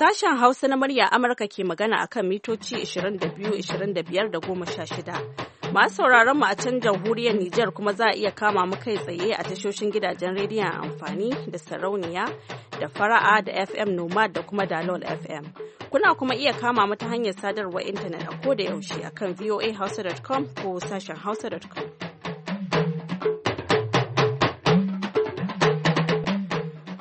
Sashen Hausa na murya Amurka ke magana a kan mitoci 22, 25 da goma sha shida Masu sauraron mu a can jamhuriyar Nijar kuma za a iya kama mu kai tsaye a tashoshin gidajen rediyon amfani da sarauniya da fara'a da FM Nomad da kuma Dalol FM. Kuna kuma iya kama mu ta hanyar sadarwar intanet a koda yaushe akan voahausa.com ko sashen hausa.com.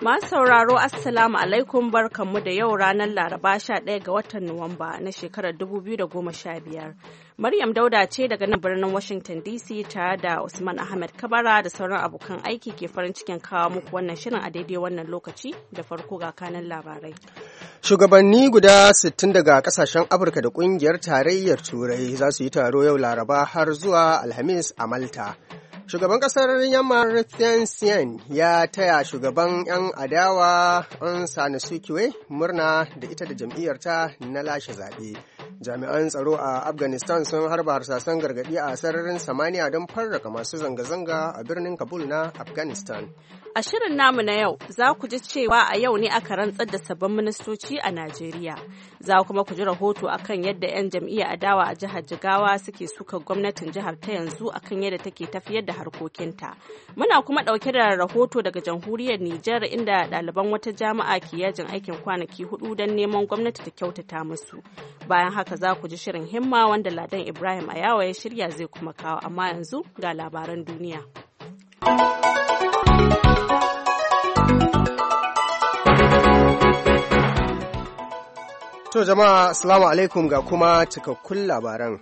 Masu sauraro Assalamu alaikum barkanmu da yau ranar Laraba 11 ga watan Nuwamba na shekarar 2015. Maryam Dauda ce daga nan birnin Washington DC tare da Usman Ahmed Kabara da sauran abokan aiki ke farin cikin kawo muku wannan shirin a daidai wannan lokaci da farko ga kanan labarai. Shugabanni guda 60 daga kasashen Afirka da kungiyar tarayyar Turai za su yi taro yau Laraba har zuwa Alhamis a Malta. Shugaban kasar yamar Thein ya taya shugaban 'yan adawa an sukiwe murna da ita da jam'iyyarta na lashe zaɓe. Jami'an tsaro a Afghanistan sun harba harsasan gargaɗi a sararin samaniya don farraka masu zanga-zanga a birnin Kabul na Afghanistan. A shirin namu na yau za ku ji cewa a yau ne aka rantsar da sabbin ministoci a Najeriya. Za kuma ku ji rahoto akan yadda 'yan jam'iyya adawa a jihar Jigawa suke suka gwamnatin jihar ta yanzu akan yadda take tafiyar da harkokinta. Muna kuma ɗauke da rahoto daga jamhuriyar Nijar inda ɗaliban wata jami'a ke yajin aikin kwanaki hudu don neman gwamnati ta kyautata musu. Bayan haka za ku ji shirin himma wanda Ladan Ibrahim Ayawa ya shirya zai kuma kawo amma yanzu ga labaran duniya. To jama'a assalamu alaikum ga kuma cikakkun labaran.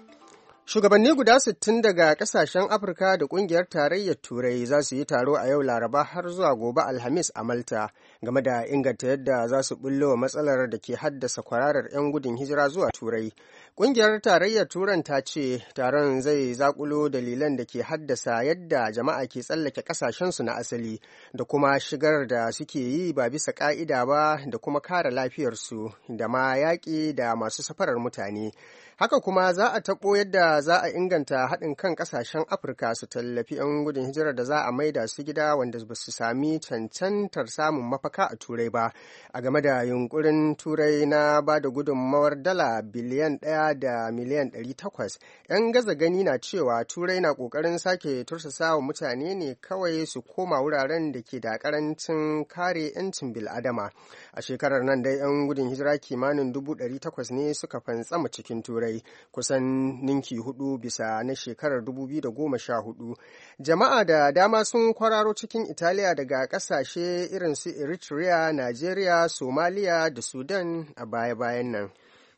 Shugabanni guda sittin daga kasashen Afirka da kungiyar tarayyar Turai za su yi taro a yau Laraba har zuwa gobe Alhamis a Malta game da inganta yadda za su bullo matsalar da ke haddasa kwararar 'yan gudun hijira zuwa Turai Ƙungiyar Tarayyar Turan ta ce taron zai zakulo dalilan da ke haddasa yadda jama'a ke tsallake ƙasashensu na asali da kuma shigar da suke yi ba bisa ƙa'ida ba da kuma kare lafiyarsu da ma yaƙi da masu safarar mutane. Haka kuma za a taɓo yadda za a inganta haɗin kan ƙasashen Afirka su tallafi 'yan gudun hijirar da za a maida su gida wanda ba su sami cancantar samun mafaka a Turai ba. A game da yunkurin Turai na ba da gudunmawar dala biliyan ɗaya da miliyan ɗari takwas, 'yan gaza gani na cewa Turai na ƙoƙarin sake tursasa wa mutane ne kawai su koma wuraren da ke da ƙarancin kare 'yancin bil'adama. A shekarar nan dai 'yan gudun hijira kimanin dubu ɗari takwas ne suka fantsama cikin Turai. turai kusan ninki hudu bisa na shekarar 2014 jama'a da dama sun kwararo cikin italiya daga kasashe irin su eritrea nigeria somalia da sudan a baya-bayan nan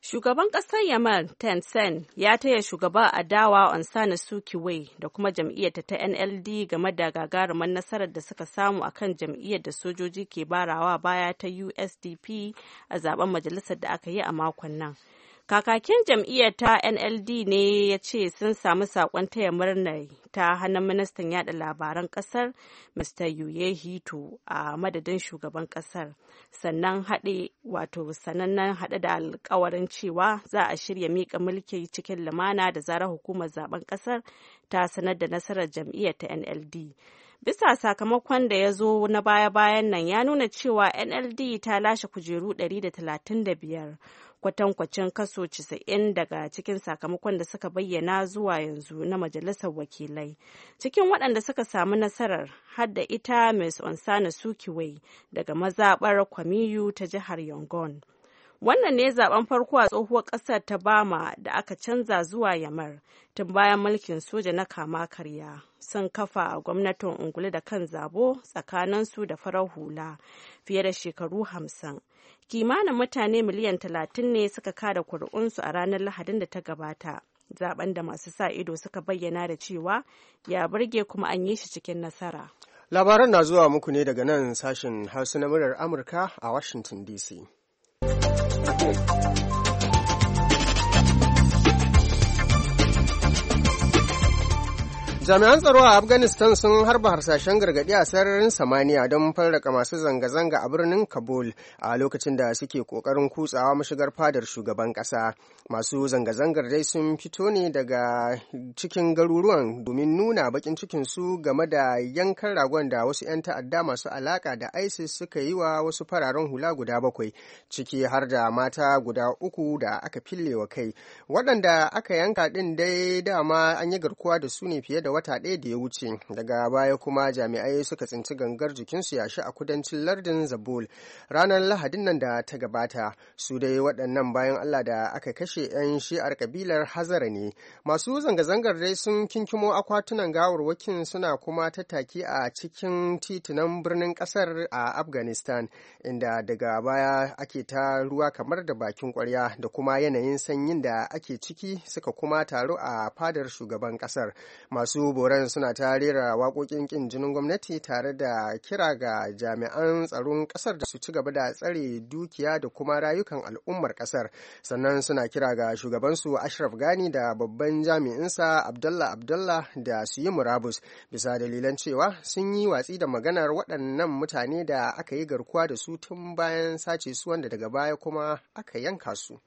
Shugaban kasar Yaman Tencent ya taya shugaban adawa onsana wai da kuma jam'iyyarta ta NLD game da gagarumar nasarar da suka samu a kan jam'iyyar da sojoji ke barawa baya ta USDP a zaben majalisar da aka yi a makon nan. Kakakin jam'iyyar ta NLD ne ya ce sun samu saƙon taya murna ta hannun ministan yada labaran ƙasar Mr. Yuye Hito a madadin shugaban ƙasar. Sannan haɗe wato sanannen haɗe da alkawarin cewa za a shirya miƙa mulki cikin lumana da zarar hukumar zaben ƙasar ta sanar da nasarar jam'iyyar ta NLD. bisa sakamakon da ya zo na baya-bayan nan ya nuna cewa nld ta lashe kujeru 135 kwatankwacin kaso 90 daga cikin sakamakon da suka bayyana zuwa yanzu na majalisar wakilai cikin waɗanda suka samu nasarar hadda ita ms onsana sukiwai daga mazaɓar kwamiyu ta jihar yangon Wannan ne zaben farko a tsohuwar ƙasar ta Bama da aka canza zuwa Yamar tun bayan mulkin soja na kama karya. Sun kafa gwamnatin ungulu da kan zabo tsakaninsu da farar hula fiye da shekaru hamsin. Kimanin mutane miliyan talatin ne suka kada kuri'unsu a ranar Lahadin da ta gabata. Zaben da masu sa ido suka bayyana da cewa ya burge kuma an yi shi cikin nasara. Labaran na zuwa muku ne daga nan sashen Hausa na murar Amurka a Washington DC. Okay. Jami'an tsaro a Afghanistan sun harba harsashen gargaɗi a sararin samaniya don farraka masu zanga-zanga a birnin Kabul a lokacin da suke ƙoƙarin kutsawa mashigar fadar shugaban ƙasa. Masu zanga-zangar dai sun fito ne daga cikin garuruwan domin nuna baƙin cikinsu game da yankan ragon da wasu 'yan ta'adda masu alaƙa da ISIS suka yi wa wasu fararen hula guda bakwai, ciki har da mata guda uku da aka fillewa kai. Waɗanda aka yanka ɗin dai dama an yi garkuwa da su ne fiye da wata ɗaya da ya wuce daga baya kuma jami'ai suka tsinci gangar jikinsu yashi a kudancin lardin zabul ranar lahadin nan da ta gabata su dai waɗannan bayan allah da aka kashe 'yan shi'ar kabilar hazara ne masu zanga-zangar dai sun kinkimo akwatunan gawarwakin suna kuma tattaki a cikin titunan birnin ƙasar a afghanistan inda daga baya ake ta ruwa kamar da bakin kwarya da kuma yanayin sanyin da ake ciki suka kuma taru a fadar shugaban ƙasar masu su suna ta rera waƙoƙin ƙin jinin gwamnati tare da kira ga jami'an tsaron ƙasar da su ci gaba da tsare dukiya da kuma rayukan al'ummar ƙasar sannan suna kira ga shugabansu ashraf gani da babban jami'insa abdullah abdullah da su yi murabus bisa dalilan cewa sun yi watsi da maganar waɗannan mutane da aka yi garkuwa da su tun bayan sace su wanda daga baya kuma aka yanka su.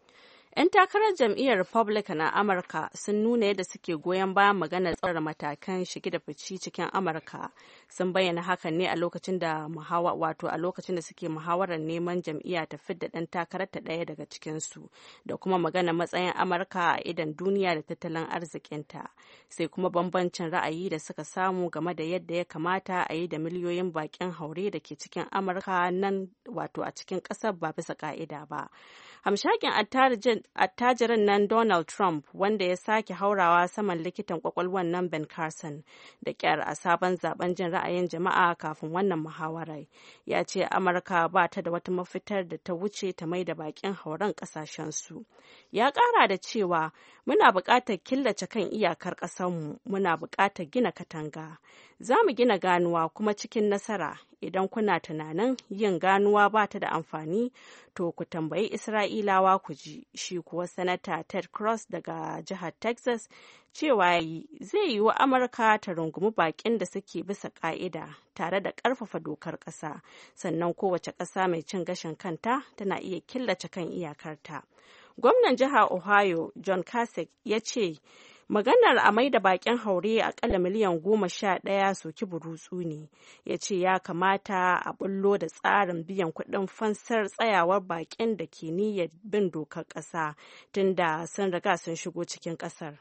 'Yan takarar jam'iyyar Republican a Amurka sun nuna yadda suke goyon bayan maganar tsara matakan shige da fici cikin Amurka. Sun bayyana hakan ne a lokacin da muhawa wato a lokacin da suke muhawarar neman jam'iyya ta fidda ɗan takarar ta ɗaya daga cikin su da kuma magana matsayin Amurka a idan duniya da tattalin arzikinta. Sai kuma bambancin ra'ayi da suka samu game da yadda ya kamata a yi da miliyoyin bakin haure da ke cikin Amurka nan wato a cikin ƙasar ba bisa ƙa'ida ba. hamshakin attajirin nan donald trump wanda ya sake haurawa saman likitan kwakwalwan nan ben carson da kyar a sabon zaben jin ra'ayin jama'a kafin wannan muhawarar ya ce amurka ba ta da wata mafitar da ta wuce ta mai da bakin hauren su. ya ƙara da cewa muna buƙatar killace kan iyakar ƙasarmu muna buƙatar gina katanga za mu gina ganuwa kuma cikin nasara idan kuna tunanin yin ganuwa ba ta da amfani to ku tambayi isra'ilawa ku ji shi kuwa sanata ted cross daga jihar texas cewa yi zai yi wa amurka ta rungumi bakin da suke bisa ka'ida tare da ƙarfafa dokar ƙasa sannan kowace ƙasa mai cin gashin kanta tana iya killace kan iyakarta Gwamnan jihar Ohio John Kasich ya ce maganar a maida bakin haure akalla miliyan goma sha ɗaya soki burutsu ne ya ce ya kamata a bullo da tsarin biyan kuɗin fansar tsayawar bakin da ke niyyar bin dokar ƙasa da sun riga sun shigo cikin ƙasar.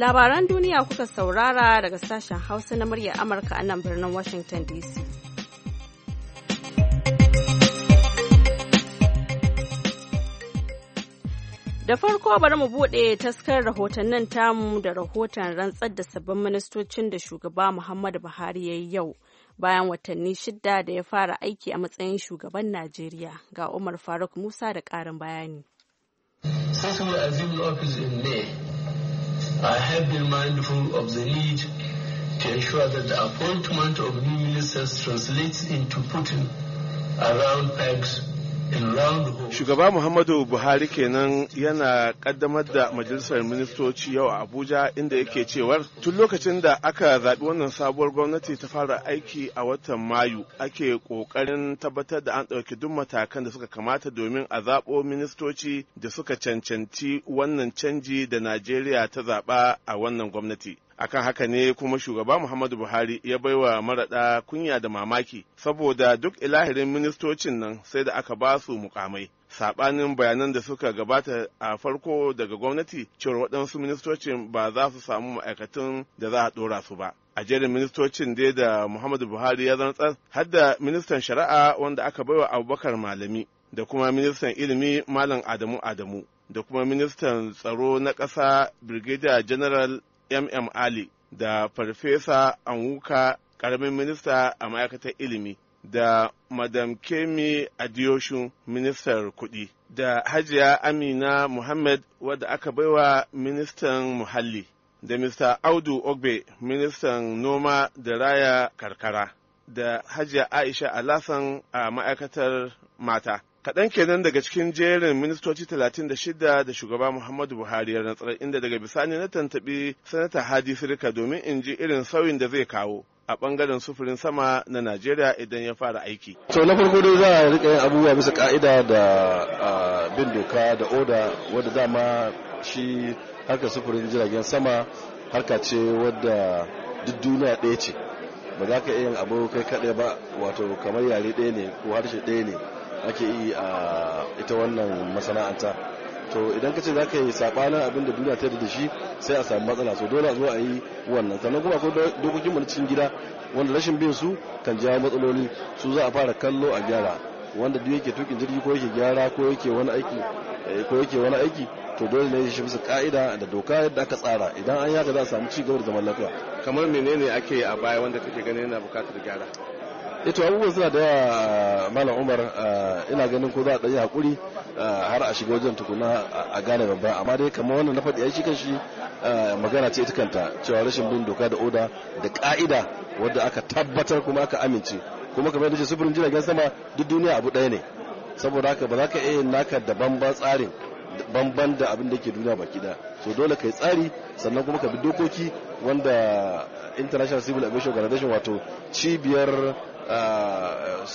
Labaran duniya kuka saurara daga sashen Hausa na muryar Amurka a nan birnin Washington DC. Da farko bari mu buɗe taskar nan tamu da rahoton rantsar da sabbin ministocin da shugaba Muhammadu Buhari ya yi yau bayan watanni shidda da ya fara aiki a matsayin shugaban Najeriya ga Umar Faruk Musa da ƙarin bayani. I have been mindful of the need to ensure that the appointment of new ministers translates into putting around pegs Shugaba Muhammadu Buhari kenan yana kaddamar da majalisar ministoci yau a Abuja inda yake cewar tun lokacin da aka zaɓi wannan sabuwar gwamnati ta fara aiki a watan Mayu ake ƙoƙarin tabbatar da an ɗauki duk matakan da suka kamata domin a zaɓo ministoci da suka cancanci wannan canji da Najeriya ta zaɓa a wannan gwamnati. akan haka ne kuma shugaba muhammadu buhari ya baiwa maraɗa kunya da mamaki saboda duk ilahirin ministocin nan sai da aka ba su mukamai sabanin bayanan da suka gabata a farko daga gwamnati cewar waɗansu ministocin ba za su samu ma'aikatan da za a ɗora su ba a jerin ministocin dai da muhammadu buhari ya zantsar har da ministan shari'a wanda aka baiwa abubakar malami da kuma ministan ilimi malam adamu adamu da kuma ministan tsaro na ƙasa brigadier general mm ali da farfesa anwuka karamin minista a ma'aikatar ilimi da madam kemi adioshu ministar kuɗi da hajiya amina muhammad wadda aka baiwa ministan muhalli da mr audu ogbe ministan noma da raya karkara da hajiya aisha alasan a ma'aikatar mata kaɗan kenan daga cikin jerin ministoci 36 da shugaba muhammadu buhari ya rantsar inda daga bisani na tantabi sanata hadi sirika domin in ji irin sauyin da zai kawo a bangaren sufurin sama na najeriya idan ya fara aiki to na farko dai za a rika yin abubuwa bisa ka'ida da bin doka da oda wadda dama shi harka sufurin jiragen sama harka ce wadda duk duniya ɗaya ce ba za ka iya yin abu kai kaɗai ba wato kamar yare ɗaya ne ko harshe ɗaya ne ake yi a ita wannan masana'anta to idan ka ce za ka yi sabanin abin da duniya ta da shi sai a samu matsala so dole a zo a yi wannan sannan kuma akwai dokokin na cikin gida wanda rashin bin su kan jawo matsaloli su za a fara kallo a gyara wanda duk yake tukin jirgi ko yake gyara ko yake wani aiki eh, ko yake wani aiki to dole ne shi bisa ka'ida da doka yadda aka tsara idan an yaka za a samu ci gaba da zaman lafiya kamar menene ake a baya wanda kake ganin yana bukatar gyara ito eh abubuwa suna da yawa malam umar eh, ina ganin ko za a ɗanyi haƙuri eh, har a shiga wajen tukuna a gane babba amma dai kamar wannan na faɗi shi kanshi magana ce ita kanta cewa rashin bin doka da oda da ƙa'ida wadda aka tabbatar kuma aka amince kuma kamar yadda sufurin jiragen sama duk duniya abu ɗaya ne saboda haka ba za ka iya naka da bamban tsarin bamban da abin da ke duniya baki da so dole ka yi tsari sannan kuma ka bi dokoki wanda international civil aviation organization wato cibiyar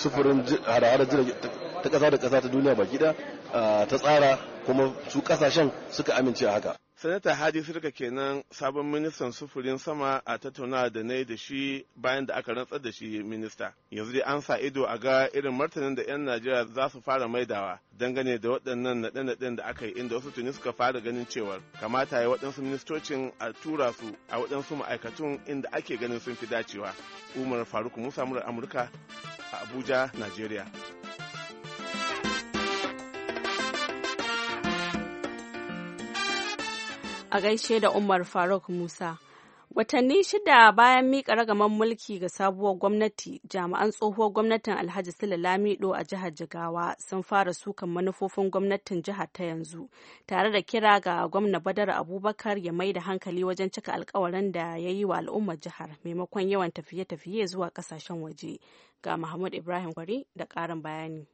sufurin hada-hada hare ta kasa da kasa ta duniya baki da ta tsara kuma su ƙasashen suka amince a haka sanata hadi sirka kenan sabon ministan sufurin sama a tattauna da na da shi bayan da aka rantsar da shi minista yanzu dai an sa ido a ga irin martanin da 'yan najeriya za su fara maidawa dangane da waɗannan naɗe-naɗen da aka yi inda wasu tuni suka fara ganin cewar kamata ya waɗansu ministocin a tura su a waɗansu ma'aikatun inda ake ganin sun fi dacewa umar faruk musa murar amurka a abuja najeriya a gaishe da Umar Faruk Musa. Watanni shida bayan mika ragaman mulki ga sabuwar gwamnati, jami'an tsohuwar gwamnatin Alhaji Sule Lamido a jihar Jigawa sun fara sukan manufofin gwamnatin jihar ta yanzu, tare da kira ga gwamna Badar Abubakar ya mai da hankali wajen cika alkawarin da ya yi wa al'ummar jihar maimakon yawan tafiye-tafiye zuwa ƙasashen waje. Ga Muhammad Ibrahim Kwari da ƙarin bayani.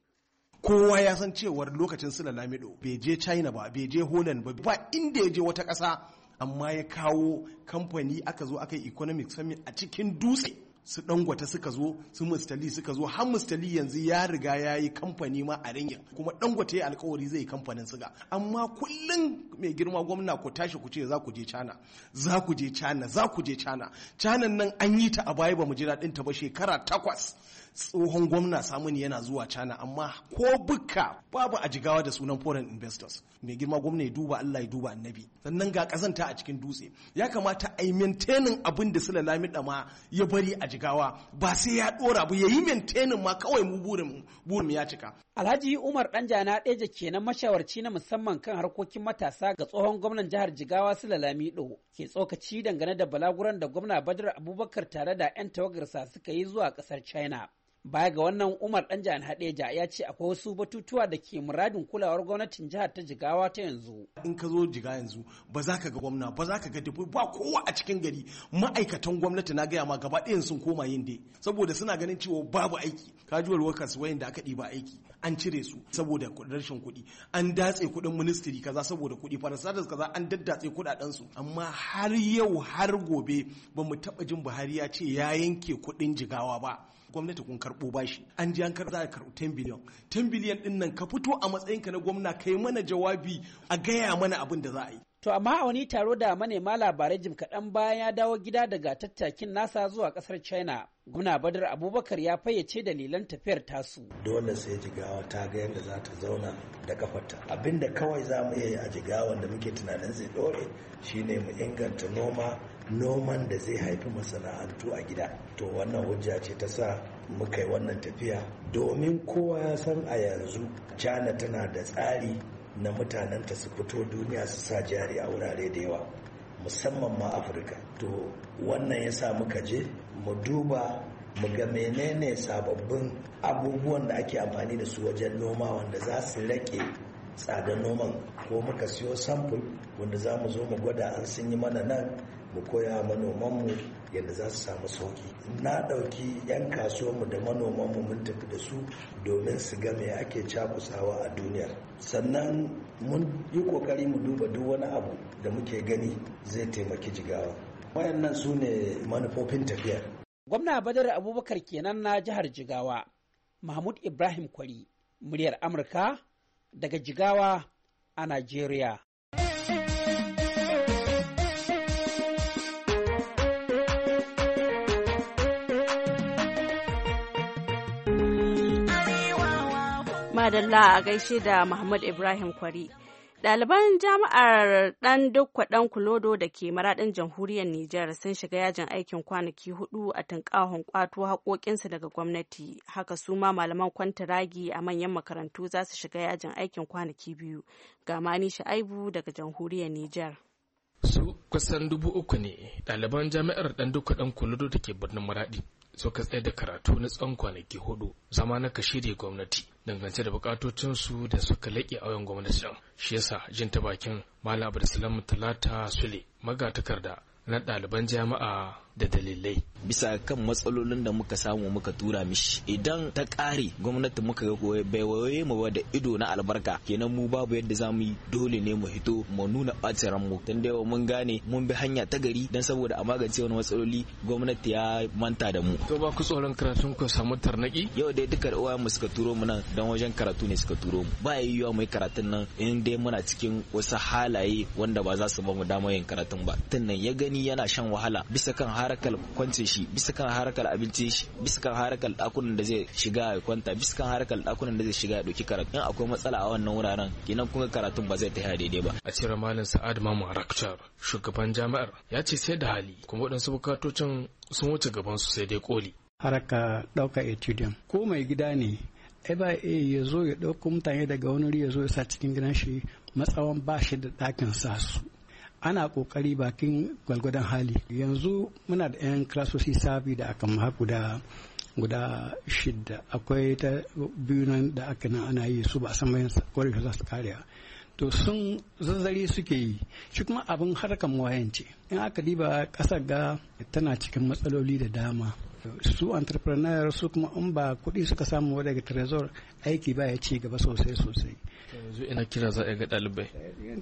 kowa ya san cewar lokacin sula lamido bai je china ba bai je holland ba ba inda ya je wata ƙasa amma ya kawo kamfani aka zo aka yi economic summit a cikin dutse su dangwata suka zo su mustali suka zo har mustali yanzu ya riga ya yi kamfani ma a ringin kuma dangwata ya alkawari zai yi kamfanin siga amma kullum mai girma gwamna ku tashi ku ce za ku je cana za ku je cana za ku je cana canan nan an yi ta a baya ba mu ji daɗin ta ba shekara takwas tsohon gwamna samuni yana zuwa cana amma ko bukka babu a jigawa da sunan foreign investors mai girma gwamna ya duba allah ya duba annabi sannan ga kazanta a cikin dutse ya kamata a yi maintainin abin da sula lamida ma ya bari a jigawa ba sai ya dora ba ya yi ma kawai mu burin burin ya cika alhaji umar danjana ke kenan mashawarci na musamman kan harkokin matasa ga tsohon gwamnan jihar jigawa sula lamido ke tsokaci dangane da balaguran da gwamna badar abubakar tare da 'yan tawagarsa suka yi zuwa ƙasar china Baya ga wannan Umar dan jihar Hadeja ya ce akwai wasu batutuwa da ke muradin kulawar gwamnatin jihar ta Jigawa ta yanzu. In ka zo Jiga yanzu ba za ka ga gwamna ba za ka ga dubu ba kowa a cikin gari ma'aikatan gwamnati na gaya ma gaba ɗayan sun koma yin dai saboda suna ganin cewa babu aiki kajuwar workers wayan da aka ɗiba aiki an cire su saboda rashin kuɗi an datse kuɗin ministry kaza saboda kuɗi farasadas kaza an daddatse kuɗaɗen su amma har yau har gobe ba mu taɓa jin Buhari ya ce ya yanke kuɗin Jigawa ba gwamnati kun karɓo bashi an ji an karɓa karɓo 10 biliyan 10 biliyan din nan ka fito a matsayinka na gwamna kai mana jawabi a gaya mana abin da za a yi To amma a wani taro da manema labarai jim kaɗan bayan ya dawo gida daga tattakin nasa zuwa ƙasar China, guna Badar Abubakar ya fayyace dalilan tafiyar tasu. Dole sai jigawa ta ga yadda za ta zauna da kafarta. Abinda kawai za mu iya a Jigawa da muke tunanin zai dore shine mu inganta noma noman da zai haifi masana'antu a gida to wannan hujja ce ta sa muka yi wannan tafiya domin kowa ya san a yanzu china tana da tsari na mutanenta su fito duniya su sa jari a wurare da yawa musamman ma afirka to wannan ya sa muka je mu duba mu ga menene sababbin abubuwan da ake amfani da su wajen noma wanda za su rake tsadar noman ko muka siyo samfur wanda za mu zo mu gwada an sun yi mana nan mu koya manomanmu yadda za su samu sauki na ɗauki 'yan kasuwanmu da manomanmu mun tafi da su domin su ga me ake cakusawa a duniyar sannan mun yi ƙoƙari mu duba duk wani abu da muke gani zai taimaki jigawa wayannan su ne manufofin tafiyar gwamna badar abubakar kenan na jihar jigawa mahmud ibrahim kwari muryar amurka daga Jigawa a Najeriya. Madalla a gaishe da Muhammad Ibrahim Kwari. Daliban jami'ar ɗan dukwa ɗan kulodo da ke maraɗin jamhuriyar Nijar sun shiga yajin aikin kwanaki hudu a tunkahon kwato haƙoƙinsu daga gwamnati. Haka su ma malaman kwantaragi a manyan makarantu za su shiga yajin aikin kwanaki biyu. Ga Mani Sha'aibu daga jamhuriyar Nijar. Su kusan dubu uku ne daliban jami'ar ɗan duka ɗan kulodo da ke birnin maraɗi. Suka tsaye da karatu na tsawon kwanaki hudu zama na kashiri gwamnati. dangance da bukatocinsu da suka laƙe a wayan gwamnati ɗin shi yasa jin ta bakin malam abdulsalam talata sule magatakarda na ɗaliban jami'a da dalilai bisa kan matsalolin da muka samu muka tura mishi idan ta ƙare gwamnati muka ga bai mu ba da ido na albarka kenan mu babu yadda za mu yi dole ne mu hito mu nuna ɓacin ranmu dan da yawa mun gane mun bi hanya ta gari dan saboda a magance wani matsaloli gwamnati ya manta da mu to ba ku tsoron karatun ku samu tarnaki yau dai duka uwa mu suka turo mu nan dan wajen karatu ne suka turo mu ba yiwuwa mu yi karatun nan in dai muna cikin wasu halaye wanda ba za su ba mu damar yin karatun ba tun nan ya gani yana shan wahala bisa kan har harakar kwance shi bisa kan harakar abincin shi bisa kan harakar dakunan da zai shiga ya kwanta bisa kan harakar dakunan da zai shiga ya dauki karatu in akwai matsala a wannan wuraren kinan kuma karatun ba zai tafiya daidai ba a cire malam sa'ad mamu arakchar shugaban jami'ar ya ce sai da hali kuma waɗansu bukatocin sun wuce gaban su sai dai koli haraka ɗauka etudium ko mai gida ne ai ba ya zo ya ɗauko mutane daga wani ya zo ya sa cikin gidan shi matsawan ba shi da ɗakin sa su ana kokari bakin gwalgwadon hali yanzu muna da 'yan klasosi sabi da aka maha guda guda shidda akwai ta biyu nan da aka nan ana yi su ba a san bayan kwarin za su kariya to sun zazzare suke yi shi kuma abin harkan wayance in aka diba kasar ga tana cikin matsaloli da dama su entrepreneur su kuma in ba kuɗi suka samu daga trezor aiki ba ya ci gaba sosai sosai yanzu ina kira za a ga ɗalibai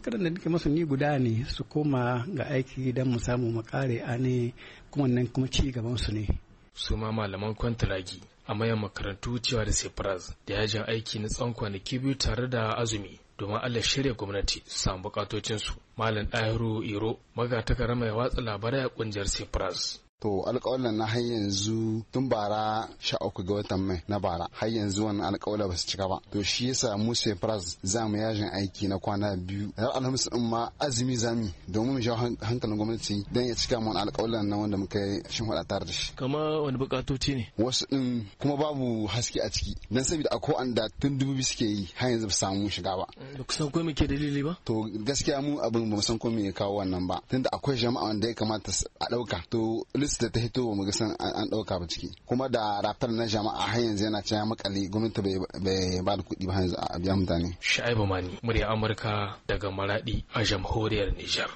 Karin eh, da nake masu ni guda ne su koma ga aiki don mu samu mu a ne kuma nan kuma ci gaban su ne su ma malaman kwantiragi a mayan makarantu cewa da sefiraz da yajin aiki na tsawon kwanaki biyu tare da azumi domin Allah shirya gwamnati samu bukatocinsu. Malam Dahiru Iro magatakar mai watsa labarai a ƙungiyar Cyprus To alƙawalan na har yanzu tun bara sha uku ga watan mai na bara har yanzu wannan alƙawala ba su cika ba. To shi yasa mu sai pras za mu yajin aiki na kwana biyu. Har alhamis din ma azumi zami domin mu jawo hankalin gwamnati don ya cika mu alƙawalan na wanda muka yi shin hada tare da shi. Kama wani buƙatoci ne? Wasu din kuma babu haske a ciki. Dan saboda akwai an da tun dubu suke yi har yanzu ba samu shiga ba. Da ku san ko me dalili ba? To gaskiya mu abin ba mu san ko me ya kawo wannan ba. Tunda akwai jama'a wanda ya kamata a d'auka. To list da ta hito mu ga san an dauka ba ciki kuma da raftar na jama'a har yanzu yana cewa makali gwamnati bai ba da kuɗi ba yanzu a biya mutane Shaibu Mani murya Amurka daga Maradi a jamhuriyar Nijar.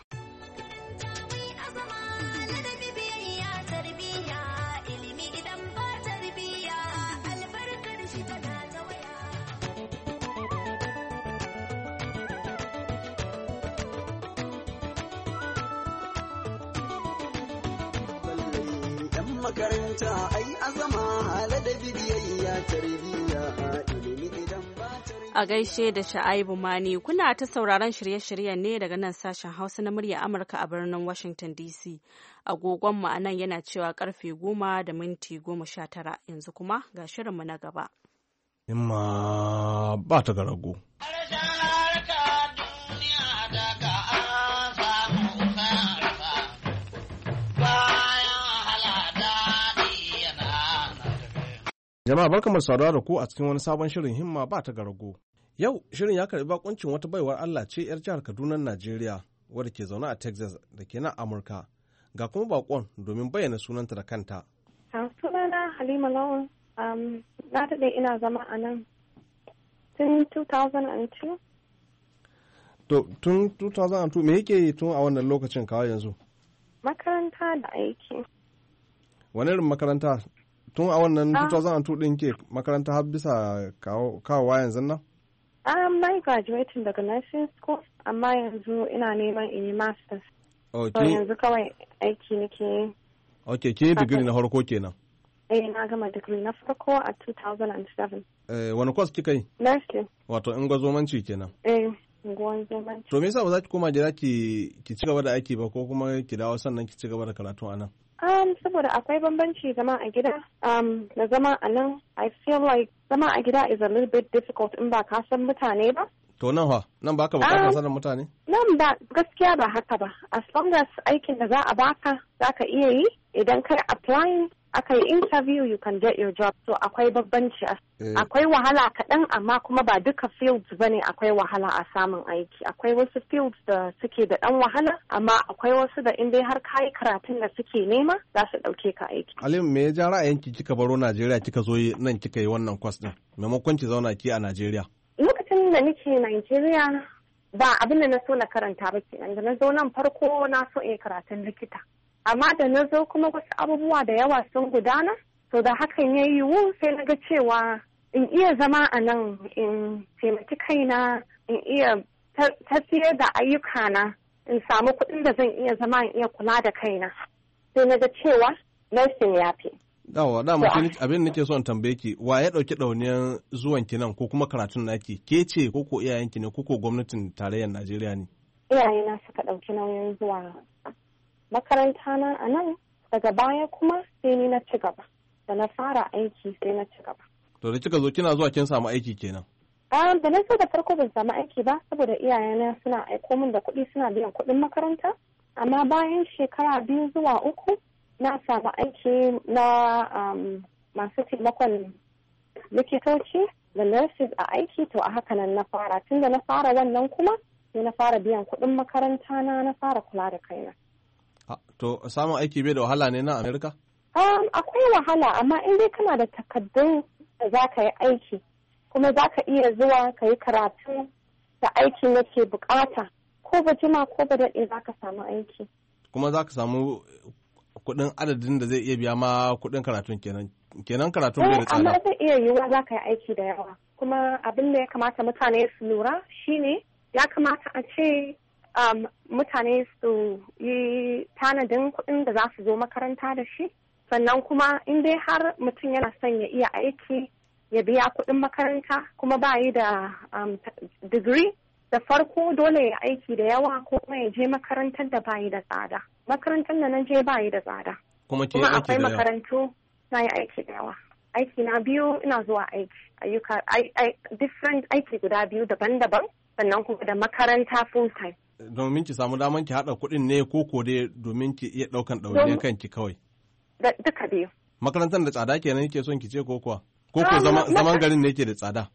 makaranta ai azama hala da tarbiyya a gaishe da sha'aibu mani kuna ta sauraron shirye-shiryen ne daga nan sashen hausa na murya amurka a birnin washington dc agogon mu anan yana cewa karfe goma da minti goma sha tara yanzu kuma ga shirinmu na gaba imma ba ta garago Jama'a barkamu saduwa da ku a cikin wani sabon shirin himma ba ta garago. Yau shirin ya karbi bakuncin wata baiwar Allah ce 'yar jihar Kaduna Najeriya wadda ke zaune a Texas da ke nan Amurka. Ga kuma bakon domin bayyana sunanta da kanta. Sunana Halima Lawan, na daɗe ina zama a nan tun 2002. To, tun 2002 me yake yi tun a wannan lokacin kawai yanzu? Makaranta da aiki. Wani irin makaranta tun a wannan 2002 ah. din ke makaranta har bisa kawowa yanzu nan? am um, na yi graduating daga nursing school amma yanzu ina neman in yi masters. Okay. Oh, so yanzu kawai aiki nake. Ok, ke digiri na farko kenan. Eh, na gama digiri na farko a 2007. Eh, wani kwas kika yi? Nursing. Wato in gwazomanci kenan. Eh. To me yasa ba za ki koma gida ki ci gaba da aiki ba ko kuma ki dawo sannan ki ci gaba da karatu a nan? Um, saboda akwai bambanci zama a gida um, da zama a nan I feel like zama a gida is a little bit difficult in ba ka san mutane ba. To nan ha, nan ba ka ba bukatar um, sanin mutane? Nan ba gaskiya ba haka ba. As long as aikin da za a baka za ka iya yi idan kai applying aka yi interview you can get your job so akwai babbanci eh. akwai wahala kaɗan amma kuma ba duka fields ne akwai wahala a samun aiki akwai wasu fields da suke da ɗan wahala amma akwai wasu da in dai har yi karatun da suke nema za su ɗauke ka aiki. Alim me ya ja ra'ayinki kika baro Najeriya kika zo nan kika yi wannan kwas ɗin maimakon ki zauna ki a Najeriya. Lokacin da nake Najeriya ba abin da na so na karanta ba kenan da na zo nan farko na so in karatun likita amma da na zo kuma wasu abubuwa da yawa sun gudana to da hakan ya yiwu sai na ga cewa in iya zama a nan in taimaki kaina in iya tafiyar da ayyukana in samu kuɗin da zan iya zama in iya kula da kaina sai na ga cewa nursing ya fi Dawa, dama abin nake so in tambaye ki, wa ya ɗauki dauniyan zuwan ki nan ko kuma karatun naki, ke ce ko ko iyayenki ne ko gwamnatin tarayyar Najeriya ne? Iyayena suka dauki nauyin zuwa makaranta na a nan daga baya kuma sai ni na ci gaba da na fara aiki sai na ci gaba to da kika zo kina zuwa kin samu aiki kenan Um, da na so da farko ban samu aiki ba saboda iyayena suna aiko min da kuɗi suna biyan kuɗin makaranta amma bayan shekara biyu zuwa uku na samu aiki na um, masu taimakon likitoci da nurses a aiki to a haka nan na fara tun da na fara wannan kuma sai na fara biyan kuɗin makaranta na na fara kula da kaina Ah, to samun aiki bai da wahala ne na Amerika? Um, akwai wahala amma in dai kana da takardun da za ka yi aiki kuma za ka iya zuwa ka yi karatu da aikin yake bukata ko ba jima ko ba daɗe za ka samu aiki. Kuma za ka samu kuɗin adadin da zai iya biya ma kuɗin karatun kenan. Kenan karatun bai da eh, tsada. Amma zai iya yiwuwa za ka yi aiki da yawa. Kuma abin da ya kamata mutane su lura shine ya kamata a ce Um, mutane su yi tanadin kuɗin da za su zo makaranta da shi sannan kuma in dai har mutum yana son ya iya aiki ya biya kuɗin makaranta kuma ba yi da um, digiri da farko dole ya aiki da yawa ko kuma ya je makarantar da ba yi da tsada makarantar da na je ba yi da tsada kuma akwai makarantu na yi aiki da yawa aiki na biyu ina zuwa aiki ayyuka different aiki guda biyu daban-daban sannan kuma da makaranta full time domin ki samu daman ki haɗa kuɗin ne ko ko dai domin ki iya ɗaukan ɗauniyar kanki kawai? Duka biyu. Makarantar da tsada kenan yake son ki ce ko kuwa? Ko ko ah, zaman garin ne yake da tsada?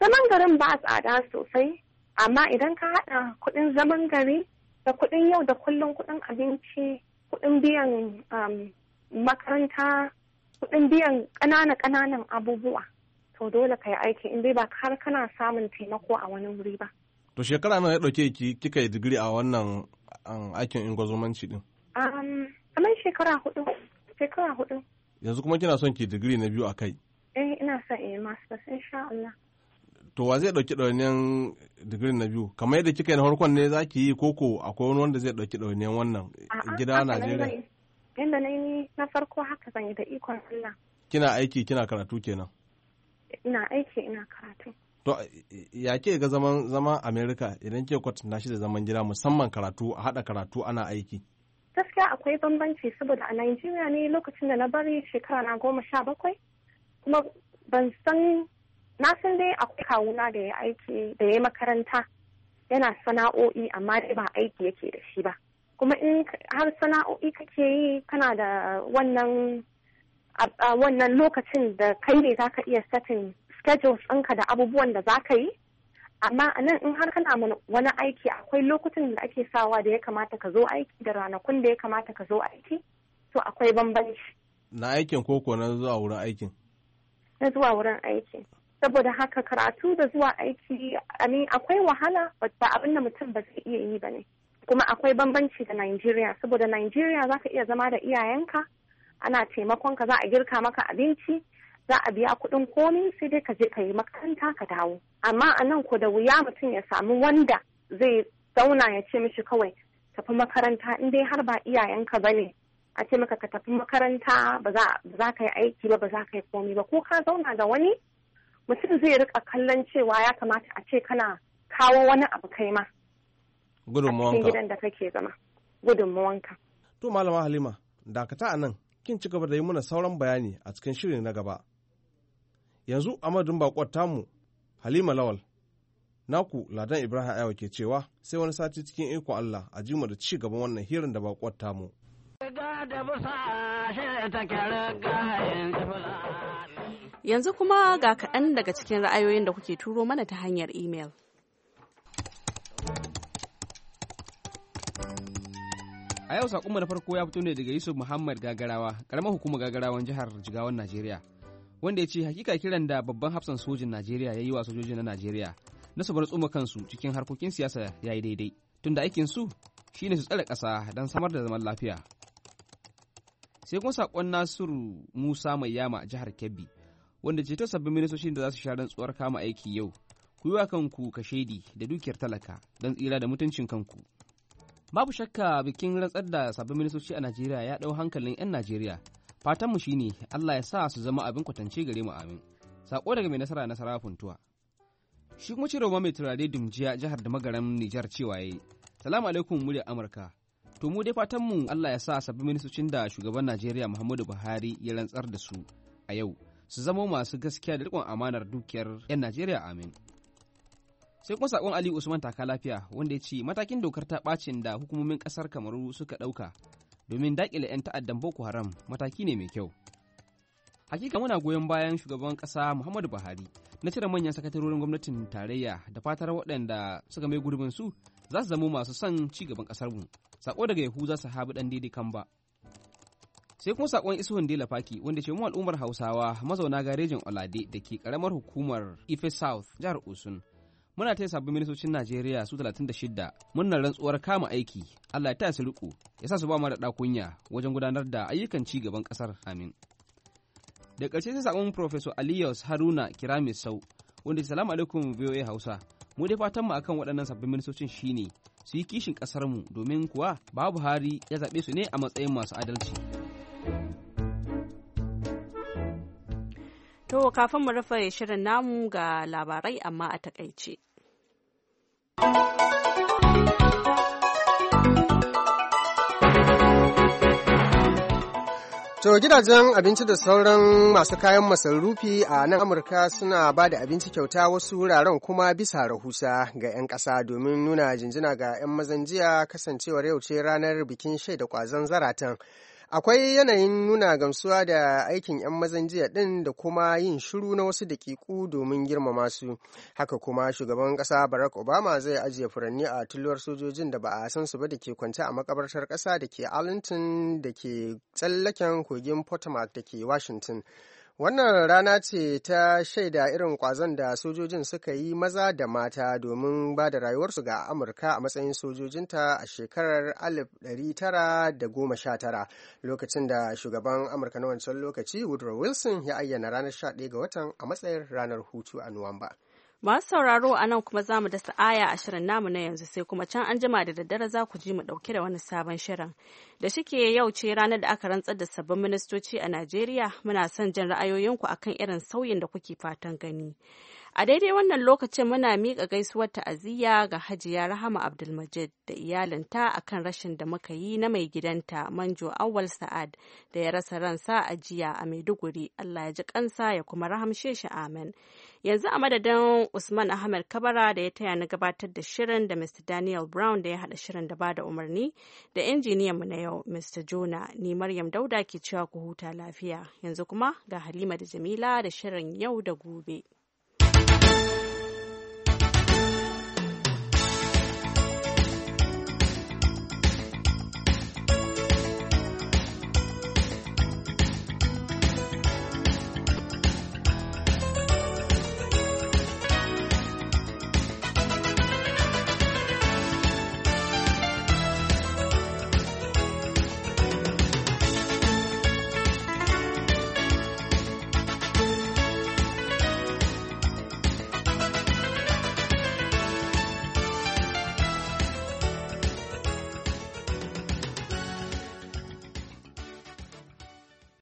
Zaman garin ba tsada sosai, amma idan ka haɗa kuɗin zaman gari da kuɗin yau da kullum kuɗin abinci, kuɗin biyan um, makaranta, kuɗin biyan ƙanana-ƙananan abubuwa. To dole ka yi aiki in dai ba har kana samun taimako a wani wuri ba. To shekara nawa ya ɗauke ki kika yi digiri a wannan aikin ingozomanci din? kamar shekara hudu. Shekara hudu. Yanzu kuma kina son ki digiri na biyu a kai? Eh ina son in yi masters insha Allah. To wa zai ɗauki ɗawainiyan digiri na biyu? Kamar yadda kika yi na farkon ne za ki yi koko akwai wani wanda zai ɗauki ɗawainiyan wannan gida Najeriya? Yadda na yi na farko haka zan yi da ikon Allah. Kina aiki kina karatu kenan? Ina aiki ina karatu. To ya ke ga zaman zaman Amerika idan ke kwatanta shi da zaman gida musamman karatu a haɗa karatu ana aiki? Gaskiya akwai bambanci saboda a nigeria ne lokacin da na bari shekara na goma sha bakwai kuma ban san na san dai akwai kawuna da ya aiki da ya makaranta yana sana'o'i amma dai ba aiki yake da shi ba kuma in har sana'o'i kake yi kana da wannan wannan lokacin da kai ne za ka iya satin schedules ɗinka da abubuwan da za ka yi amma a nan in har kana wani aiki akwai lokutan da ake sawa da ya kamata ka zo aiki da ranakun da ya kamata ka zo aiki to akwai bambanci na aikin koko na zuwa wurin aikin na zuwa wurin aiki saboda haka karatu da zuwa aiki amin akwai wahala ba abin da mutum ba zai iya yi ba ne kuma akwai bambanci da Najeriya saboda Najeriya za ka iya zama da iyayenka ana taimakonka za a girka maka abinci za a biya kuɗin komai sai dai ka je ka yi makaranta ka dawo amma a nan ko da wuya mutum ya samu wanda zai zauna ya ce mishi kawai tafi makaranta in dai har ba iyayenka ba ne a ce maka ka tafi makaranta ba za ka yi aiki ba ba za ka yi komai ba ko ka zauna da wani mutum zai rika kallon cewa ya kamata a ce kana kawo wani abu kai ma gudunmawanka gidan da kake zama gudunmawanka to malama halima dakata a nan kin ci gaba da yi mana sauran bayani a cikin shirin na gaba yanzu a madadin bakwar tamu halima lawal naku ladan ibrahim ayawa ke cewa sai wani sati cikin ikon allah a jima da ci gaban wannan hirin da bakwar tamu yanzu kuma ga kaɗan daga cikin ra'ayoyin da kuke turo mana ta hanyar imel. a yau saƙonmu na farko ya fito ne daga yusuf muhammad gagarawa ƙaramar hukumar gagarawan jihar jigawan najeriya wanda ya ce hakika kiran da babban hafsan sojin Najeriya ya yi wa sojojin na Najeriya na su bar tsoma kansu cikin harkokin siyasa ya yi daidai tunda aikin su shine su tsare kasa don samar da zaman lafiya. Sai kuma saƙon Nasiru Musa Mai Yama jihar Kebbi wanda ce ta sabbin ministoshin da za su sha tsuwar kama aiki yau ku yi wa kanku kashedi da dukiyar talaka don tsira da mutuncin kanku. Babu shakka bikin rantsar da sabbin ministoci a Najeriya ya ɗau hankalin 'yan Najeriya fatanmu shine Allah ya sa su zama abin kwatance gare mu amin sako daga mai nasara nasara funtuwa shi kuma cire mai turare dumjiya jihar da magaran Nijar cewa yayi salamu alaikum muryar Amurka to mu dai fatanmu Allah ya sa sabbin ministocin da shugaban Najeriya Muhammadu Buhari ya rantsar da su a yau su zama masu gaskiya da rikon amanar dukiyar 'yan Najeriya amin sai kuma sakon Ali Usman taka lafiya wanda ya ce matakin dokar ta bacin da hukumomin kasar Kamaru suka dauka domin daƙile 'yan ta'addan Boko Haram mataki ne mai kyau. Hakika muna goyon bayan shugaban ƙasa Muhammadu Buhari na cire manyan sakatarorin gwamnatin tarayya da fatar waɗanda suka mai gurbin su za su zama masu son ci gaban mu Sako daga yahu za su habi ɗan daidai kan ba. Sai kuma sakon Isuhun Dela Faki wanda ce mu al'ummar Hausawa mazauna garejin Olade da ke ƙaramar hukumar Ife South jihar Osun. muna taya sabbin ministocin Najeriya su 36 muna rantsuwar kama aiki Allah ya ta su riko ya sa su ba mu da kunya wajen gudanar da ayyukan ci gaban kasar amin da karshe sai sakon Professor aliyus Haruna Kirami Sau wanda salamu alaikum VOA Hausa mu dai fatan mu akan waɗannan sabbin ministocin shine su yi kishin kasar mu domin kuwa babu hari ya zaɓe su ne a matsayin masu adalci. To kafin mu rufe shirin namu ga labarai amma a takaice. To gidajen abinci da sauran masu kayan masarufi a nan Amurka suna ba da abinci kyauta wasu wuraren kuma bisa rahusa ga 'yan ƙasa domin nuna jinjina ga 'yan mazan jiya kasancewar yau ce ranar bikin shaida kwazon zaratan Akwai yanayin nuna gamsuwa da aikin 'yan mazan jiya ɗin da kuma yin shiru na wasu daƙiƙu domin girmama su. Haka kuma shugaban ƙasa Barack Obama zai ajiye furanni a tulluwar sojojin da ba a san su ba da ke kwance a makabartar ƙasa da ke Arlington da ke tsallaken kogin Potomac da ke Washington. Wannan rana ce ta shaida irin kwazon da sojojin suka yi maza da mata domin ba da rayuwarsu ga Amurka a matsayin sojojinta a shekarar 1919 lokacin da shugaban Amurka na wancan lokaci Woodrow Wilson ya ayyana ranar 11 ga watan a matsayin ranar hutu a Nuwamba. Masu sauraro a nan kuma za mu da sa'aya a shirin namu na yanzu sai kuma can an jima da daddare za ku ji mu ɗauke da wani sabon shirin. Da shike yau ce ranar da aka rantsar da sabbin ministoci a Najeriya muna son jin ra'ayoyinku akan irin sauyin da kuke fatan gani. A daidai wannan lokacin muna miƙa gaisuwar ta'aziyya ga Hajiya Rahama Abdulmajid da iyalinta akan rashin da muka yi na mai gidanta Manjo Awal Sa'ad da ya rasa ransa a jiya a Maiduguri. Allah ya ji kansa ya kuma rahamshe shi amen. yanzu a madadin usman ahmed kabara da ya taya na gabatar da shirin da mr daniel brown da ya hada shirin da ba da umarni da injiniyanmu na yau mr jona ni maryam dauda ke cewa ku huta lafiya yanzu kuma ga halima da jamila da shirin yau da gobe